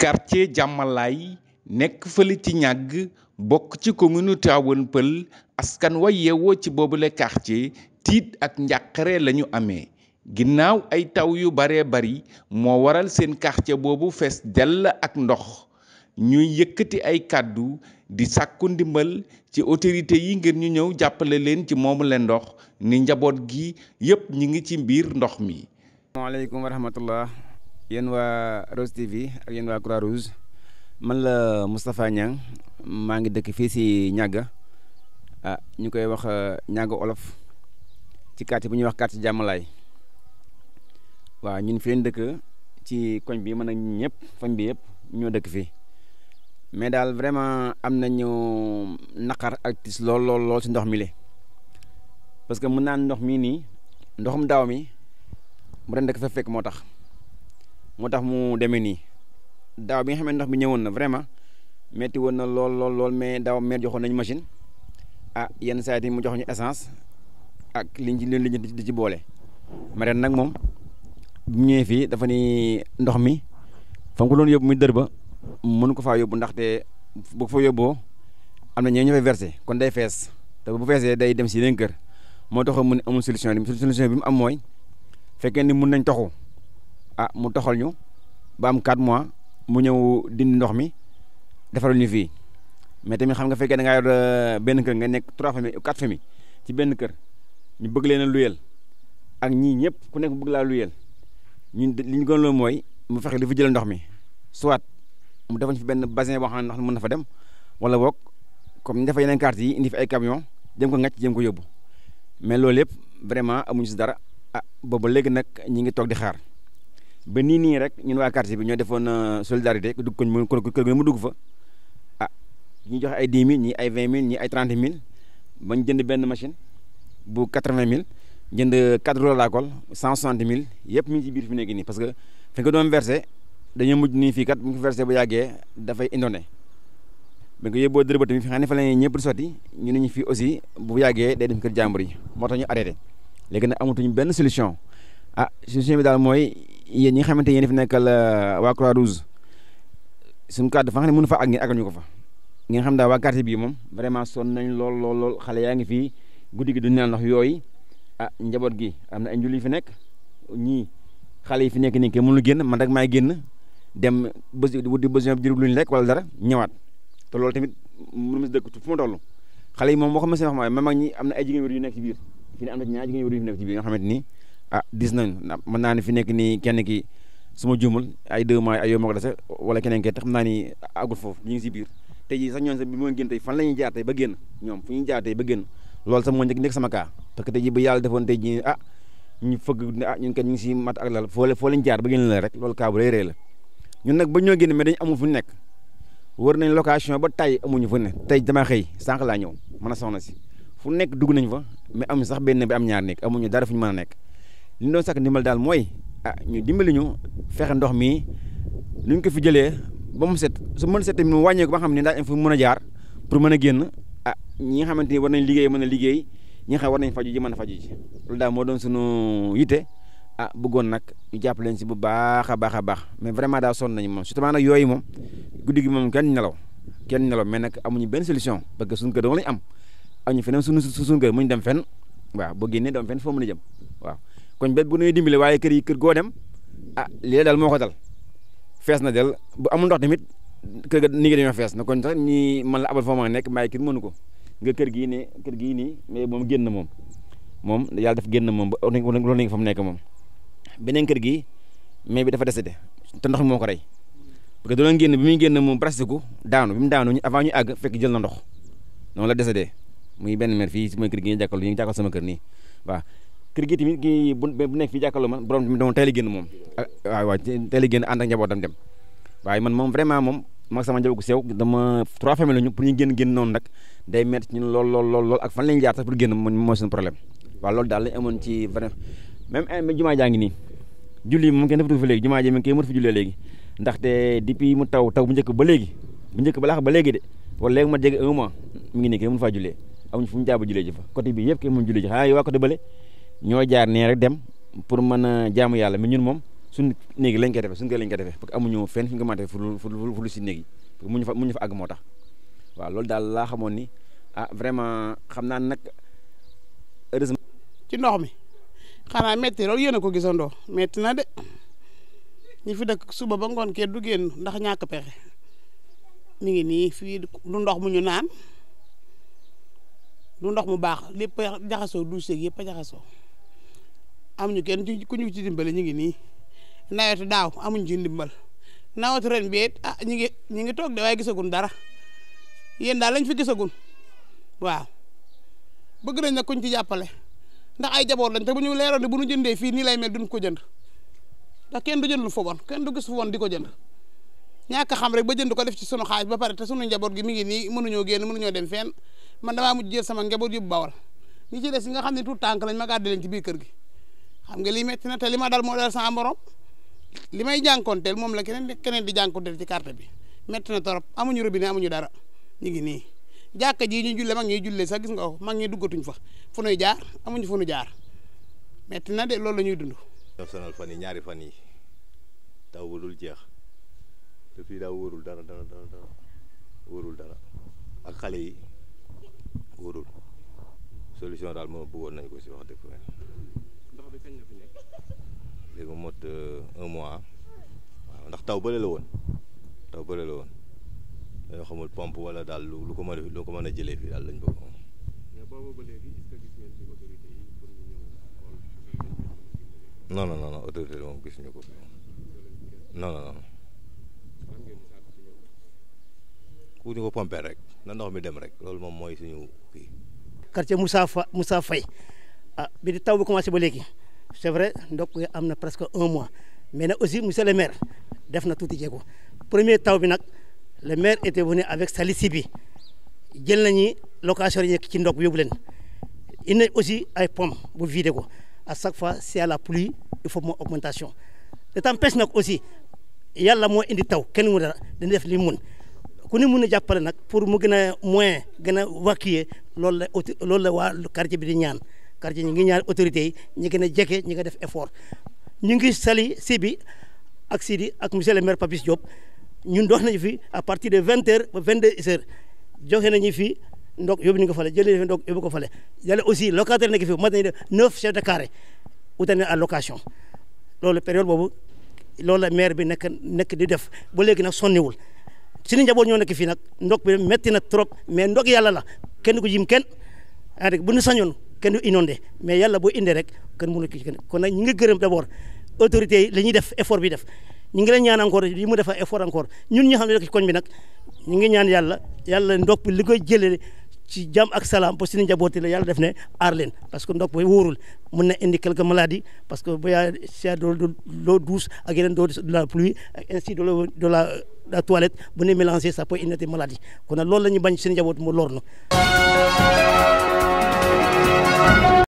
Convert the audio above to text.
quartier jàmmalaay nekk fële ci ñàgg bokk ci commune Tivaouane Peulh askan wa yeewoo ci boobule quartier tiit ak njàqare lañu amee ginnaaw ay taw yu baree bari moo waral seen quartier boobu fees dell ak ndox ñuy yëkkati ay kàddu di sàkku ndimbal ci autorité yi ngir ñu ñëw jàppale leen ci moomu ndox ni njaboot gi yépp ñu ngi ci biir ndox mi. yéen waa Rose TV ak yéen waa Croix man la Moustapha Niang maa ngi dëkk fii si ñàgga ah ñu koy wax ñàgga euh, olof ci quartier bu ñuy wax quartier jàmmalaay waaw ñun fi leen dëkk ci koñ bi mën a ñëpp koñ bi yëpp ñoo dëkk fii mais daal vraiment am na nañu naqar ak tis lool lool si ndox mi le parce que mën naan ndox mii nii ndoxum daaw mi mu ren dëkk fekk moo tax moo tax mu demee nii daaw bi nga xam ne ndox mi ñëwoon na vraiment metti woon na lool lool lool mais daaw meer joxoon nañu machine ah yenn saa yi mu jox ñu essence ak liñ ci liñ di ci boole. ma ren nag moom bu ñëwee fii dafa ni ndox mi fa mu ko doon yóbbu muy dër ba mënu ko faa yóbbu ndaxte bu fa yóbboo am na ñoo ñu fay versé kon day fees ta bu feesee day dem si yeneen kër moo taxoon mun ne amul solution bi solution bi mu am mooy fekkee ni mun nañ toxu. ah mu toxal ñu ba am 4 mois mu ñëw dindi ndox mi defaral ñu fii mais tamit xam nga fekkee da ngaa yor euh, benn kër nga nekk 3 famille 4 famille ci benn kër ñu bëgg leen a luyeel ak ñii ñëpp ku nekk bëgg laa luyeel ñun li ñu gën loolu mooy mu fexe li fu jël ndox mi soit mu defañ fi benn basin boo xam ne ndox mën na fa dem wala boog comme ñu defee yeneen carte yi indi fi ay camion jëm ko ngàcc jëm ko yóbbu mais loolu yépp vraiment amuñu si dara ah boobu léegi nag ñi ngi toog di xaar ba nii nii rek ñun waa quartier bi ñoo defoon euh, solidarité ku dugg koñ mu dugg fa ah ñu joxe ay dix mille ñii ay vingt mille ñii ay trente mille ba ñu jënd benn machine bu quatre vingt mille jënd quatre rouleaux laakool cent cent mille yëpp mi ngi ci biir fi nekk nii parce que fi nga doon versé dañoo mujj nii fii kat bu ñu versé bu yàggee dafay indone bi nga yóbboo dërëbët mi fi xam fa la ñëpp di sotti ñu ne ñu fii aussi bu yàggee day dem kër jàmbur yi moo tax ñu arrêté léegi nag amatuñu benn solution ah solution mooy yéen ñi nga xamante yéen fi nekkal euh, waa Croix Rouge suñu kàddu fa nga ne mënu fa ak ngeen agal ñu ko fa ngeen xam daal waa quartier bii moom vraiment sonn nañ lool lool xale yaa ngi fii guddi gi duñu naan ndox yooyu ah njaboot gi am na ay njul yi fi nekk ñii xale yi fi nekk nii kenn mënul génn man rek maay génn dem bés wuti besoin bi jërub luñu lekk wala dara ñëwaat te loolu tamit mënu ma si dëkk fu ma xale yi moom boo xam ne seen wax ma mag ñi am na ay jigéen ni ah dis nañu mën naa ne fi nekk nii kenn ki su ma juumul ay deux mois ay yoo ma ko dese wala keneen ke te xam naa ni agul foofu ñu ngi si biir tey jii sax ñoon sax bi moo génn tey fan la ñuy jaar tey ba génn ñoom fu ñuy jaar tey ba génn loolu parce que tey jii bu yàlla defoon tey jii ah ñu ah, ngi si mat ak lal foo foo leen jaar la ñun nag ba ñoo génn mais dañu amul fu ñu nekk war nañ location ba tay amuñu fu ne tey dama xëy sànq laa ñëw man a soxna si fu nekk dugg nañ fa mais amuñu sax benn bi am ñaar nekk amuñu dara fu ñu mën a nekk li ñu doon sàkk ndimbal daal mooy a ah, ñu dimbali ñu fexe ndox mi ñu ko fi jëlee ba mu set su mën set tamit mu wàññeeku ba xam ne daal il faut mën a jaar pour mën a génn ah nga xamante ni war nañ liggéey mën ne liggéey ñi nga xam war nañ faju ji mën a faju ji loolu daal moo doon sunu yitte ah bëggoon nag ñu jàpp leen si bu baax a baax a baax mais vraiment daal sonn nañu moom surtout nag yooyu moom guddi gi moom kenn nelaw kenn nelaw mais nag amuñu benn solution parce que suñu kër dong lañu am amuñu feneen suñu suñu kër muñu dem fen waaw boo génnee dem fenn foo mën a jëm waaw koñ bet bu nuy dimbale waaye kër yi kër goo dem ah lii la daal moo ko dal fees na del bu amul ndox tamit kër ga ni ngi dañoo fees na kon sax nii man la abal foo ma nekk maay kër mënu ko nga kër gii ne kër gii nii mais moom génn moom moom yàlla daf génn moom ba loolu ngi fa mu nekk moom beneen kër gii mais bi dafa dese de te ndox moo ko rey parce que doon génn bi muy génn moom presque daanu bi mu daanu avant ñu àgg fekk jël na ndox noonu la dese de muy benn mère fii si ma kër gi ñu jàkkal ñu ngi jàkkal sama kër nii waaw kër gi tamit kii bu nekk fii jàkkaarloo man borom tamit dama teel génn moom ah, a génn ànd ak dem waaye man moom vraiment moom mag sama njaboot gu sew dama trois famille lañu pour ñu génn génn noonu nag day métti ñun lool lool lool ak fan lañu jaar sax pour génn mooy suñu problème waaw loolu daal lañ amoon ci vrai eh, même jumaa jaa ngi nii julli moom kenn defatu fa léegi jumaa ji moom kenn mënatu fi jullee léegi ndaxte depuis mu taw taw bu njëkk ba léegi bu njëkk ba laax ba léegi de wala léegi mu ngi nii kenn mënu faa jullee amuñu fu ñu jaaba jullee ji fa côté bi ñoo jaar nii rek dem pour mën a jaamu yàlla mi ñun moom suñu néegi lañ koy defee suñu kër lañ koy defee parce que amuñu fenn nga a defee fu lu si néegi parce que muñu fa muñu fa àgg moo waaw loolu daal laa xamoon ni a ah, vraiment xam naa nag heureusement. ci ndox mi xanaa métti loolu yéen a ko gisandoo métti na de ñi fi dëkk suba ba ngoon kee du génn ndax ñàkk pexe mi ngi nii fii du ndox mu ñu naan du ndox mu baax lépp jaxasoo douche yëpp a jaxasoo. amuñu kenn ku ñu ci dimbale ñu ngi nii nawetu daaw amuñu ci ndimbal nawetu ren bi it ah ñu ngi ñu ngi toog de waaye gisagun dara yéen daal lañ fi gisagun waaw bëgg nañ nag kuñ ci jàppale ndax ay jaboot lañ te ñu leeroon ne bu ñu jëndee nii lay mel duñ ko jënd ndax kenn du jënd lu kenn du gis fu di ko jënd ñaaka xam rek ba jënd ko def ci sunu xaaj ba pare te sunu njaboot gi mi ngi nii mënuñoo génn mënuñoo dem fenn man damaa mujj jël sama njaboot bu bawal ñi ci des ñi nga xam ne tu tànk lañ ma gàddi leen ci biir kër gi xam nga lii metti na te li ma dal moo dal sama borom li may jànkonteel moom la keneen keneen di jànkonteel ci carte bi metti na torop amuñu robinet amuñu dara ñu ngi nii jàkka ji ñu julle mag ñuy jullee sax gis nga ko mag ñi duggatuñ fa fu nuy jaar amuñu fu nu jaar metti na de loolu la ñuy dund. ñoo sonal fan yi ñaari fan yi taw ba jeex te fii daa wóorul dara dara dara dara dara ak xale yi wóorul solution daal moo buggoon nañ ko si wax dëgg léegi mot euh, un mois waaw ndax taw bële la woon taw bële la woon dañoo xamul pompe wala daal lu ko mën a lu ko mën a jëlee fii daal lañ bëgg moom. non non non gis ñu ko ku ñu ko pomper rek na ndox mi dem rek loolu moom mooy suñu kii. quartier Moussa Fa Moussa Faye ah bi taw bi commencé ba léegi. c'est vrai ndox am na presque un mois mais na aussi monsieur le maire def na tuuti jéego premier taw bi nag le maire était venu avec sa liste bi jël nañu location yi nekk ci ndox bi yóbbu leen indi aussi ay pommes bu vidé ko à chaque fois c'est à la pluie il faut moo augmentation le temps pêche nag aussi yàlla moo indi taw kenn mu dara dañu def li mun ku ni mun a jàppale nag pour mu gën a moyen gën a évacuer loolu la loolu la waa quartier bi di ñaan quartier ñi ngi ñaan autorités yi ñi gën a jekke ñi nga def effort ñu ngi sali Sibi ak Sidi ak monsieur le maire Papis Diop ñun dox nañu fi à partir de vingt heures ba vingt deux heures joxe nañu fi ndox yóbbu ñu ko fale jël nañu fi ndox ko fale yàlla aussi locataire nekk fi mat nañu def neuf chefs de carré utal na à location loolu période boobu loolu la maire bi nekk nekk di def ba léegi nag sonniwul suñu njaboot ñoo nekk fii nag ndox bi metti na trop mais ndox yàlla la kenn ku jim kenn yaa dégg bu ñu sañoon kenn inondé mais yàlla boo indee rek kenn mënu ki kon nag ñi nga gërëm d'abord autorités la ñuy def effort bi def ñu ngi leen ñaan encore yi mu defa effort encore ñun ñoo xam ne rek koñ bi nag ñu ñaan yàlla yàlla ndokk li koy jëlee ci jàmm ak salaam parce que suñu njabooti la yàlla def ne aar leen parce que ndokk booy wóorul mun na indi quelques maladies parce que bu yaa sia de l'eau douce ak yeneen de la pluie ak ainsi de la de la la toilette bu ne mélangé ça peut indi kon nag loolu la ñuy bañ suñu njaboot mu lor na